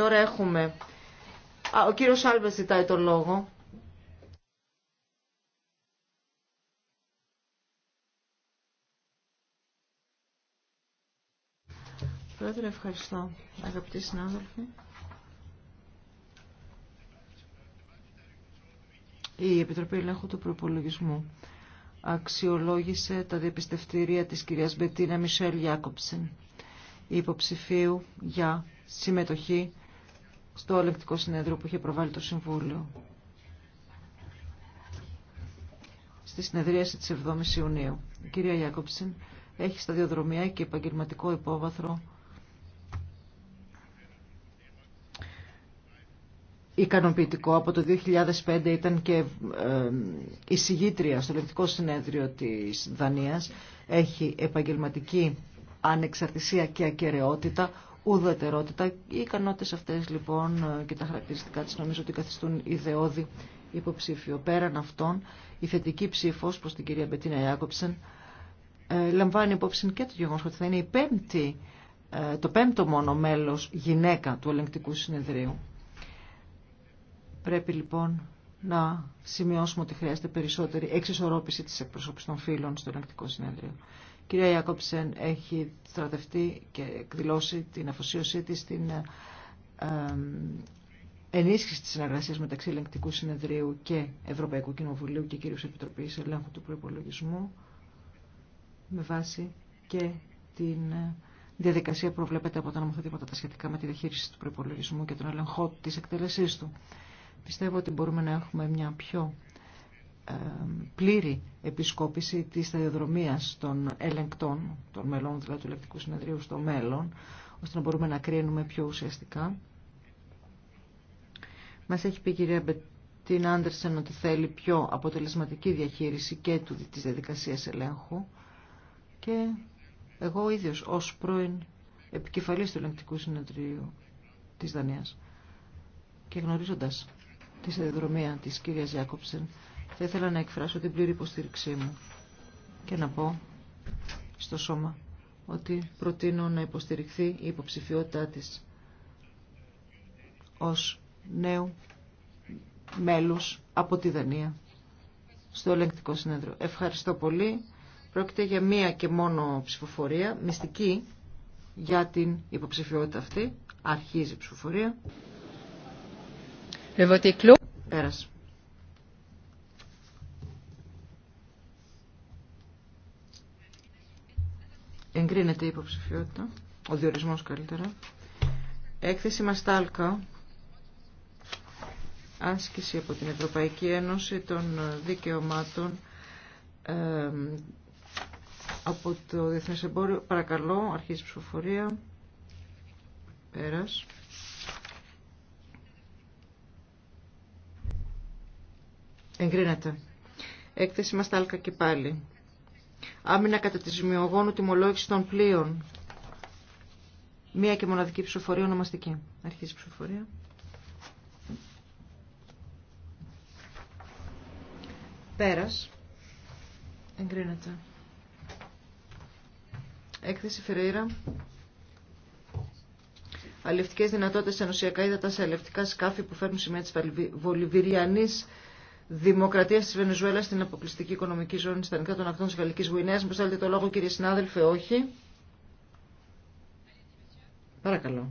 Τώρα έχουμε... ο κύριος Άλβες ζητάει το λόγο. Πρόεδρε, ευχαριστώ. Αγαπητοί συνάδελφοι. Η Επιτροπή Ελέγχου του Προπολογισμού αξιολόγησε τα διαπιστευτήρια της κυρίας Μπετίνα Μισελ Ιάκοψεν, υποψηφίου για συμμετοχή στο ελεκτικό συνέδριο που είχε προβάλει το Συμβούλιο. Στη συνεδρίαση της 7ης Ιουνίου. Η κυρία Ιάκοψιν έχει σταδιοδρομία και επαγγελματικό υπόβαθρο ικανοποιητικό. Από το 2005 ήταν και εισηγήτρια στο Ελεκτικό Συνέδριο της Δανίας. Έχει επαγγελματική ανεξαρτησία και ακαιρεότητα ουδετερότητα. Οι ικανότητες αυτές λοιπόν και τα χαρακτηριστικά της νομίζω ότι καθιστούν ιδεώδη υποψήφιο. Πέραν αυτών, η θετική ψήφος προς την κυρία Μπετίνα Ιάκοψεν ε, λαμβάνει υπόψη και το γεγονός ότι θα είναι η πέμπτη, ε, το πέμπτο μόνο μέλος γυναίκα του ελεγκτικού συνεδρίου. Πρέπει λοιπόν να σημειώσουμε ότι χρειάζεται περισσότερη εξισορρόπηση της εκπροσώπησης των φίλων στο ελεγκτικό συνεδρίο κυρία Ιάκοψεν έχει στρατευτεί και εκδηλώσει την αφοσίωσή της στην ε, ενίσχυση της συνεργασίας μεταξύ Ελεγκτικού Συνεδρίου και Ευρωπαϊκού Κοινοβουλίου και κυρίως Επιτροπής Ελέγχου του Προϋπολογισμού με βάση και την ε, διαδικασία που προβλέπεται από τα νομοθετήματα τα σχετικά με τη διαχείριση του προϋπολογισμού και τον ελεγχό της εκτέλεσής του. Πιστεύω ότι μπορούμε να έχουμε μια πιο πλήρη επισκόπηση της σταδιοδρομίας των ελεγκτών, των μελών δηλαδή του Ελεκτικού συνεδρίου στο μέλλον, ώστε να μπορούμε να κρίνουμε πιο ουσιαστικά. Μας έχει πει η κυρία Μπετίν Άντερσεν ότι θέλει πιο αποτελεσματική διαχείριση και του, της διαδικασίας ελέγχου και εγώ ίδιος ως πρώην επικεφαλής του ελεγκτικού συνεδρίου της Δανίας και γνωρίζοντας τη σταδιοδρομία της κυρίας Γιάκοψεν θα ήθελα να εκφράσω την πλήρη υποστήριξή μου και να πω στο σώμα ότι προτείνω να υποστηριχθεί η υποψηφιότητά της ως νέου μέλους από τη Δανία στο ελεγκτικό συνέδριο. Ευχαριστώ πολύ. Πρόκειται για μία και μόνο ψηφοφορία, μυστική για την υποψηφιότητα αυτή. Αρχίζει η ψηφοφορία. Πέρασε. Εγκρίνεται η υποψηφιότητα. Ο διορισμός καλύτερα. Έκθεση Μαστάλκα. Άσκηση από την Ευρωπαϊκή Ένωση των δικαιωμάτων από το Διεθνές Εμπόριο. Παρακαλώ, αρχίζει η ψηφοφορία. Πέρας. Εγκρίνεται. Έκθεση Μαστάλκα και πάλι άμυνα κατά τη ζημιογόνου τιμολόγηση των πλοίων. Μία και μοναδική ψηφοφορία ονομαστική. Αρχίζει η ψηφοφορία. Πέρας. Εγκρίνεται. Έκθεση Φεραίρα. Αλληλευτικές δυνατότητες ενωσιακά ύδατα σε αλληλευτικά σκάφη που φέρνουν σημαία τη βολιβηριανή δημοκρατία τη Βενεζουέλα στην αποκλειστική οικονομική ζώνη στα νικά των ακτών τη Γαλλική Γουινέα. Μου θέλετε το λόγο, κύριε συνάδελφε, όχι. Παρακαλώ.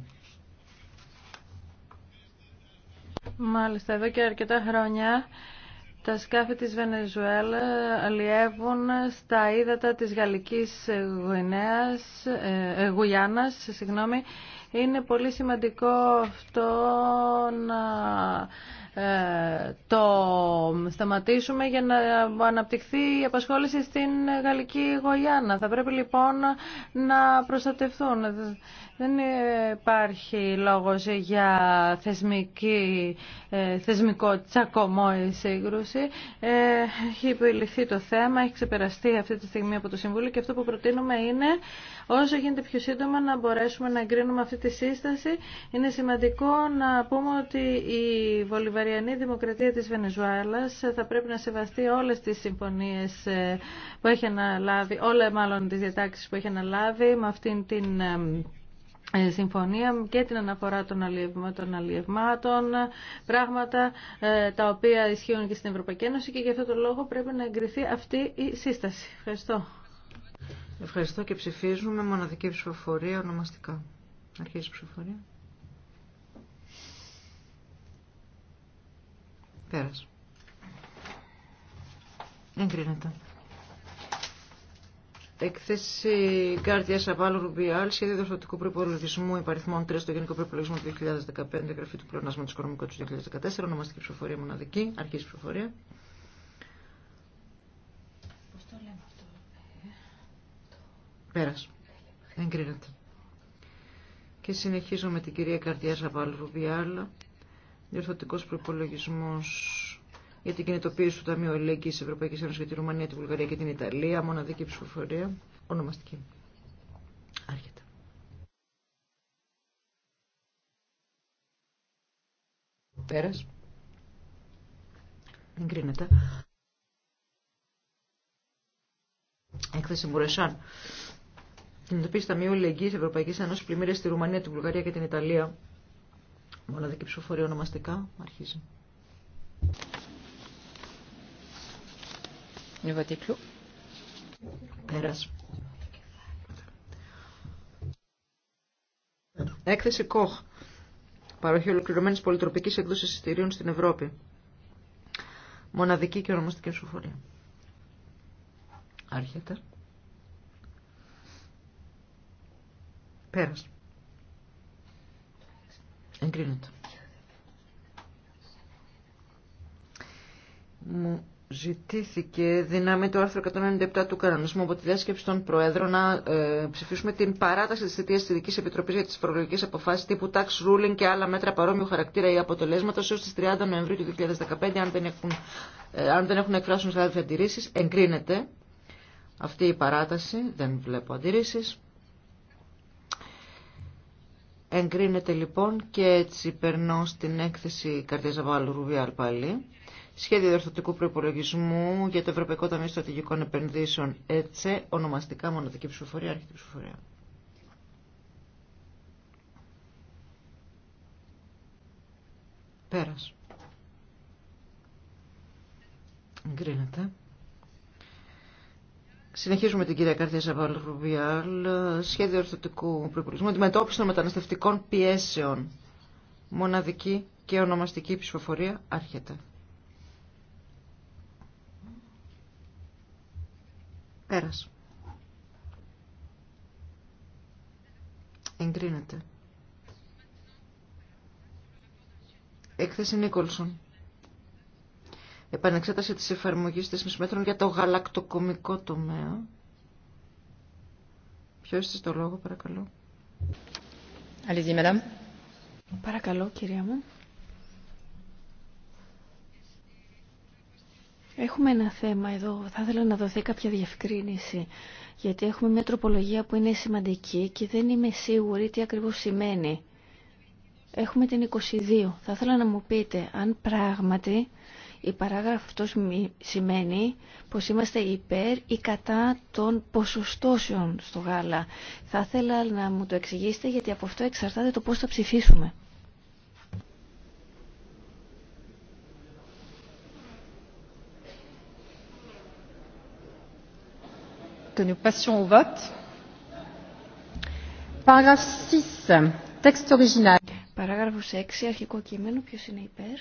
Μάλιστα, εδώ και αρκετά χρόνια τα σκάφη της Βενεζουέλα αλλιεύουν στα ύδατα της Γαλλικής Γουινέας, ε, ε συγγνώμη. Είναι πολύ σημαντικό αυτό να ε, το σταματήσουμε για να αναπτυχθεί η απασχόληση στην Γαλλική Γοιάννα. Θα πρέπει λοιπόν να προστατευτούν. Δεν υπάρχει λόγος για θεσμική, ε, θεσμικό τσακωμό ή σύγκρουση. Ε, έχει επιληθεί το θέμα, έχει ξεπεραστεί αυτή τη στιγμή από το Συμβούλιο και αυτό που προτείνουμε είναι όσο γίνεται πιο σύντομα να μπορέσουμε να εγκρίνουμε αυτή τη σύσταση. Είναι σημαντικό να πούμε ότι η Βολιβαριανή Δημοκρατία της Βενεζουέλας θα πρέπει να σεβαστεί όλες τις συμφωνίες ε, που έχει αναλάβει, όλα μάλλον τις διατάξεις που έχει αναλάβει με αυτήν την ε, συμφωνία και την αναφορά των, των αλλιευμάτων, πράγματα ε, τα οποία ισχύουν και στην Ευρωπαϊκή Ένωση και γι' αυτό το λόγο πρέπει να εγκριθεί αυτή η σύσταση. Ευχαριστώ. Ευχαριστώ και ψηφίζουμε μοναδική ψηφοφορία ονομαστικά. Αρχίζει η ψηφοφορία. Πέρασε. Εγκρίνεται. Έκθεση Κάρτια Σαββάλου Ρουμπιάλ, σχέδιο διορθωτικού προπολογισμού υπαριθμών 3 στο Γενικό Προπολογισμό του 2015, γραφή του Πλεονάσματο Οικονομικού του 2014, ονομαστική ψηφοφορία μοναδική, αρχή ψηφοφορία. Πέρας. Εγκρίνεται. Και συνεχίζω με την κυρία Καρδιά Ζαβάλ Βιάλα. διορθωτικός προπολογισμό για την κινητοποίηση του Ταμείου Ελέγγυη τη Ευρωπαϊκή Ένωση για τη Ρουμανία, τη Βουλγαρία και την Ιταλία. Μοναδική ψηφοφορία. Ονομαστική. Άρχεται. Πέρα. Εγκρίνεται. Έκθεση Μπουρεσάν. Συνειδητοποίηση Ταμείου Ελεγγύη Ευρωπαϊκή Ένωση πλημμύρε στη Ρουμανία, την Βουλγαρία και την Ιταλία. Μοναδική ψηφοφορία ονομαστικά. Αρχίζει. Πέρας. Έκθεση ΚΟΧ. Παροχή ολοκληρωμένη πολυτροπική έκδοση εισιτηρίων στην Ευρώπη. Μοναδική και ονομαστική ψηφοφορία. Άρχεται. Πέρας. Εγκρίνεται. Μου ζητήθηκε δυνάμει το άρθρο 197 του κανονισμού από τη διάσκεψη των Προέδρων να ε, ψηφίσουμε την παράταση της θητεία τη Ειδικής Επιτροπή για τις Προγραμματικές Αποφάσεις τύπου tax ruling και άλλα μέτρα παρόμοιου χαρακτήρα ή αποτελέσματος έως τις 30 Νοεμβρίου του 2015, αν δεν έχουν, ε, αν δεν έχουν εκφράσουν Εγκρίνεται αυτή η παράταση, δεν βλέπω αντιρρήσει. Εγκρίνεται λοιπόν και έτσι περνώ στην έκθεση Καρδιά Βάλου Ρουβιάλ πάλι. Σχέδιο διορθωτικού προπολογισμού για το Ευρωπαϊκό Ταμείο Στρατηγικών Επενδύσεων έτσι ονομαστικά μοναδική ψηφοφορία, αρχική ψηφοφορία. Πέρας. Εγκρίνεται. Συνεχίζουμε την κυρία Καρδία Ζαβάλ Ρουβιάλ, σχέδιο ορθωτικού προπολισμού, αντιμετώπιση των μεταναστευτικών πιέσεων. Μοναδική και ονομαστική ψηφοφορία άρχεται. Πέρας. Εγκρίνεται. Έκθεση Νίκολσον επανεξέταση της εφαρμογής της μέτρων για το γαλακτοκομικό τομέα. Ποιο είστε στο λόγο, Αλήθεια, Παρακαλώ, κυρία μου. Έχουμε ένα θέμα εδώ. Θα ήθελα να δοθεί κάποια διευκρίνηση, γιατί έχουμε μια τροπολογία που είναι σημαντική και δεν είμαι σίγουρη τι ακριβώς σημαίνει. Έχουμε την 22. Θα ήθελα να μου πείτε αν πράγματι η αυτό σημαίνει πως είμαστε υπέρ ή κατά των ποσοστώσεων στο γάλα. Θα ήθελα να μου το εξηγήσετε γιατί από αυτό εξαρτάται το πώς θα ψηφίσουμε. que 6, Παράγραφος 6, αρχικό κείμενο, ποιος είναι υπέρ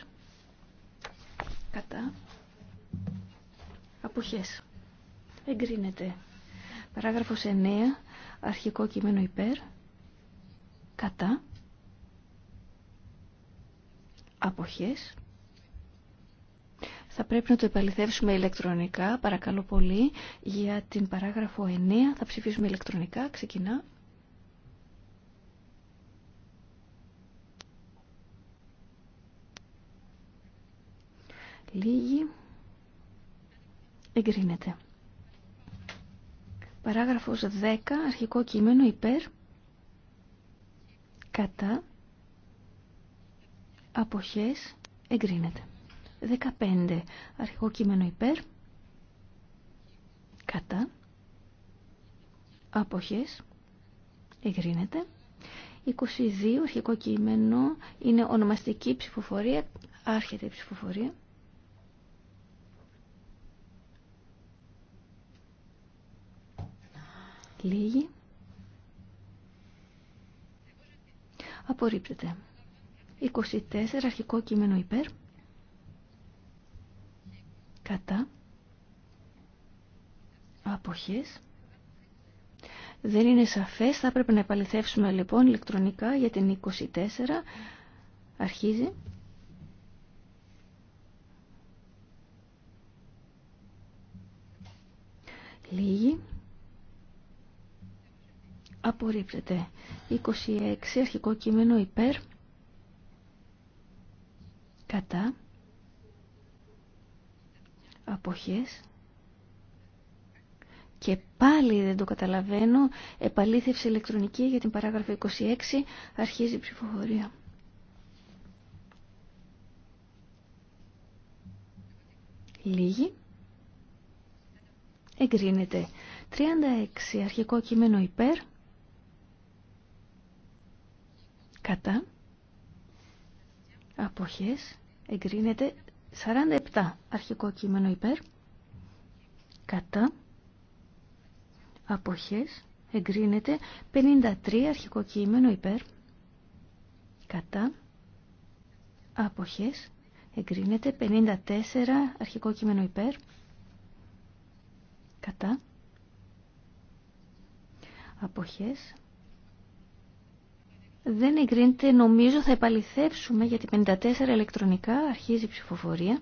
κατά αποχές εγκρίνεται παράγραφος 9 αρχικό κείμενο υπέρ κατά αποχές θα πρέπει να το επαληθεύσουμε ηλεκτρονικά, παρακαλώ πολύ, για την παράγραφο 9 θα ψηφίσουμε ηλεκτρονικά, ξεκινά. Λίγη. Εγκρίνεται. Παράγραφος 10. Αρχικό κείμενο υπέρ. Κατά. Αποχές. Εγκρίνεται. 15. Αρχικό κείμενο υπέρ. Κατά. Αποχές. Εγκρίνεται. 22. Αρχικό κείμενο είναι ονομαστική ψηφοφορία. Άρχεται η ψηφοφορία. Λίγη. Απορρίπτεται. 24 αρχικό κείμενο υπέρ. Κατά. Αποχές. Δεν είναι σαφές. Θα πρέπει να επαληθεύσουμε λοιπόν ηλεκτρονικά για την 24. Αρχίζει. Λίγη απορρίπτεται. 26 αρχικό κείμενο υπέρ κατά αποχές και πάλι δεν το καταλαβαίνω επαλήθευση ηλεκτρονική για την παράγραφο 26 αρχίζει η ψηφοφορία. Λίγη. Εγκρίνεται. 36 αρχικό κείμενο υπέρ. κατά αποχές εγκρίνεται 47 αρχικό κείμενο υπέρ κατά αποχές εγκρίνεται 53 αρχικό κείμενο υπέρ κατά αποχές εγκρίνεται 54 αρχικό κείμενο υπέρ κατά αποχές δεν εγκρίνεται. Νομίζω θα επαληθεύσουμε γιατί 54 ηλεκτρονικά. Αρχίζει η ψηφοφορία.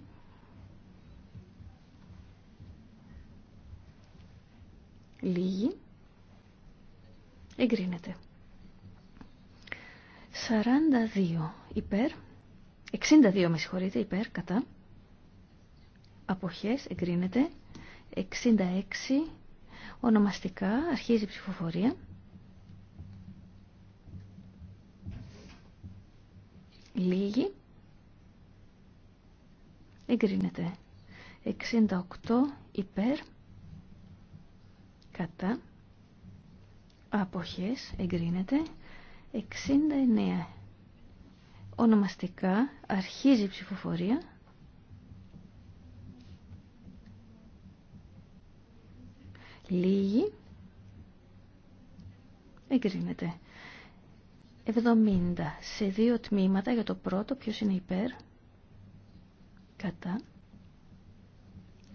Λίγοι. Εγκρίνεται. 42 υπέρ. 62 με συγχωρείτε υπέρ κατά. Αποχές εγκρίνεται. 66 ονομαστικά αρχίζει η ψηφοφορία. Λίγη. Εγκρίνεται. 68 υπέρ. Κατά. Αποχές. Εγκρίνεται. 69. Ονομαστικά αρχίζει η ψηφοφορία. Λίγη. Εγκρίνεται. 70 σε δύο τμήματα για το πρώτο ποιος είναι υπέρ κατά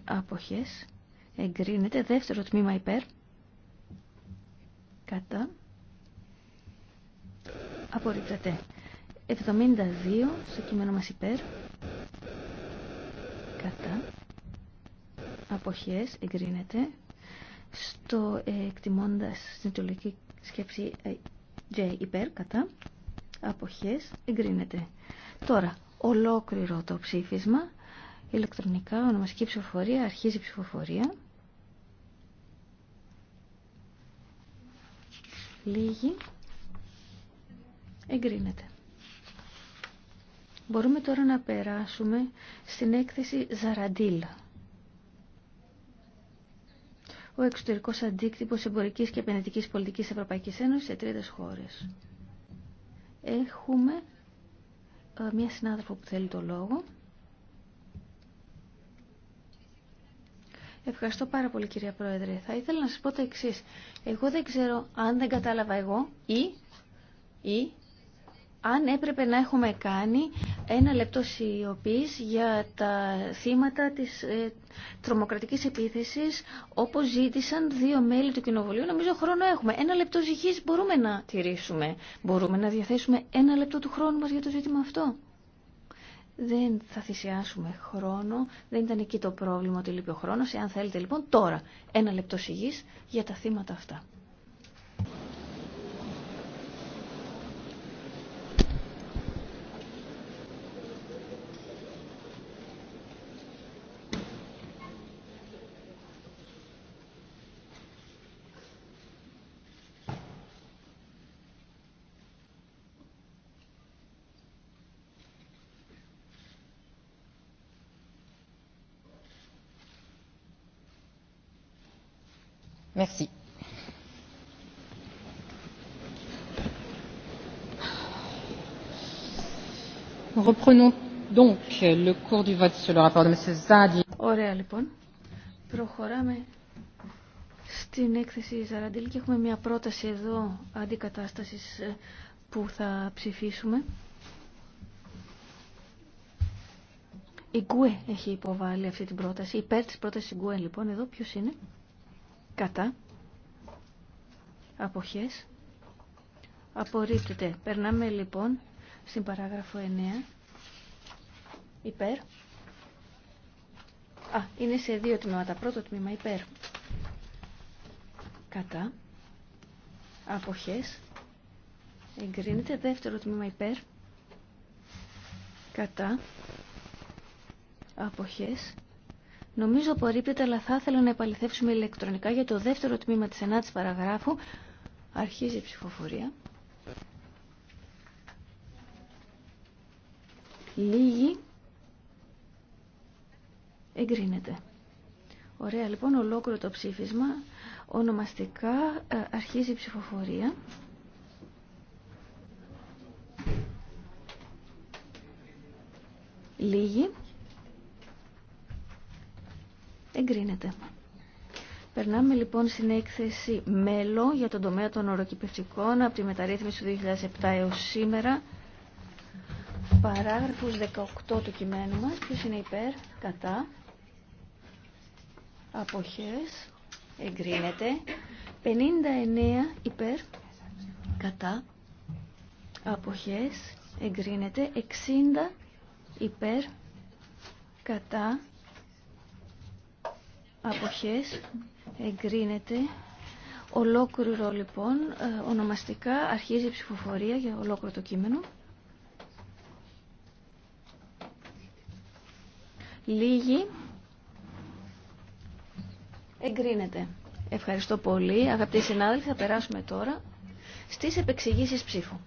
άποχες εγκρίνεται δεύτερο τμήμα υπέρ κατά απορρίπτεται 72 στο κείμενο μας υπέρ κατά αποχές εγκρίνεται στο ε, εκτιμώντας στην σκέψη ε, J υπέρ κατά αποχές εγκρίνεται. Τώρα, ολόκληρο το ψήφισμα, ηλεκτρονικά, ονομαστική ψηφοφορία, αρχίζει ψηφοφορία. Λίγη. Εγκρίνεται. Μπορούμε τώρα να περάσουμε στην έκθεση Ζαραντίλα ο εξωτερικός αντίκτυπος εμπορικής και επενδυτικής πολιτικής Ευρωπαϊκής Ένωσης σε τρίτες χώρες. Έχουμε ε, μία συνάδελφο που θέλει το λόγο. Ευχαριστώ πάρα πολύ κυρία Πρόεδρε. Θα ήθελα να σας πω το εξής. Εγώ δεν ξέρω αν δεν κατάλαβα εγώ ή, ή αν έπρεπε να έχουμε κάνει ένα λεπτό σιωπής για τα θύματα της ε, τρομοκρατικής επίθεσης όπως ζήτησαν δύο μέλη του Κοινοβουλίου. Νομίζω χρόνο έχουμε. Ένα λεπτό ζυγής μπορούμε να τηρήσουμε. Μπορούμε να διαθέσουμε ένα λεπτό του χρόνου μας για το ζήτημα αυτό. Δεν θα θυσιάσουμε χρόνο. Δεν ήταν εκεί το πρόβλημα ότι λείπει ο χρόνος. Εάν θέλετε λοιπόν τώρα ένα λεπτό σιγής για τα θύματα αυτά. Merci. Reprenons donc le Ωραία λοιπόν. Προχωράμε στην έκθεση Ζαραντήλ και έχουμε μια πρόταση εδώ αντικατάστασης ε, που θα ψηφίσουμε. Η Γκουέ έχει υποβάλει αυτή την πρόταση. Υπέρ της πρότασης Γκουέ λοιπόν εδώ ποιος είναι. Κατά. Αποχές. Απορρίπτεται. Περνάμε λοιπόν στην παράγραφο 9. Υπέρ. Α, είναι σε δύο τμήματα. Πρώτο τμήμα υπέρ. Κατά. Αποχές. Εγκρίνεται. Δεύτερο τμήμα υπέρ. Κατά. Αποχές. Νομίζω απορρίπτεται, αλλά θα ήθελα να επαληθεύσουμε ηλεκτρονικά για το δεύτερο τμήμα της 9 παραγράφου. Αρχίζει η ψηφοφορία. Λίγη. Εγκρίνεται. Ωραία, λοιπόν, ολόκληρο το ψήφισμα. Ονομαστικά ε, αρχίζει η ψηφοφορία. Λίγη. Εγκρίνεται. Περνάμε λοιπόν στην έκθεση μέλο για τον τομέα των οροκυπευτικών από τη μεταρρύθμιση του 2007 έως σήμερα. Παράγραφος 18 του κειμένου μας. Ποιος είναι υπέρ, κατά, αποχές, εγκρίνεται. 59 υπέρ, κατά, αποχές, εγκρίνεται. 60 υπέρ, κατά, αποχές εγκρίνεται ολόκληρο λοιπόν ε, ονομαστικά αρχίζει η ψηφοφορία για ολόκληρο το κείμενο λίγη εγκρίνεται ευχαριστώ πολύ αγαπητοί συνάδελφοι θα περάσουμε τώρα στις επεξηγήσεις ψήφου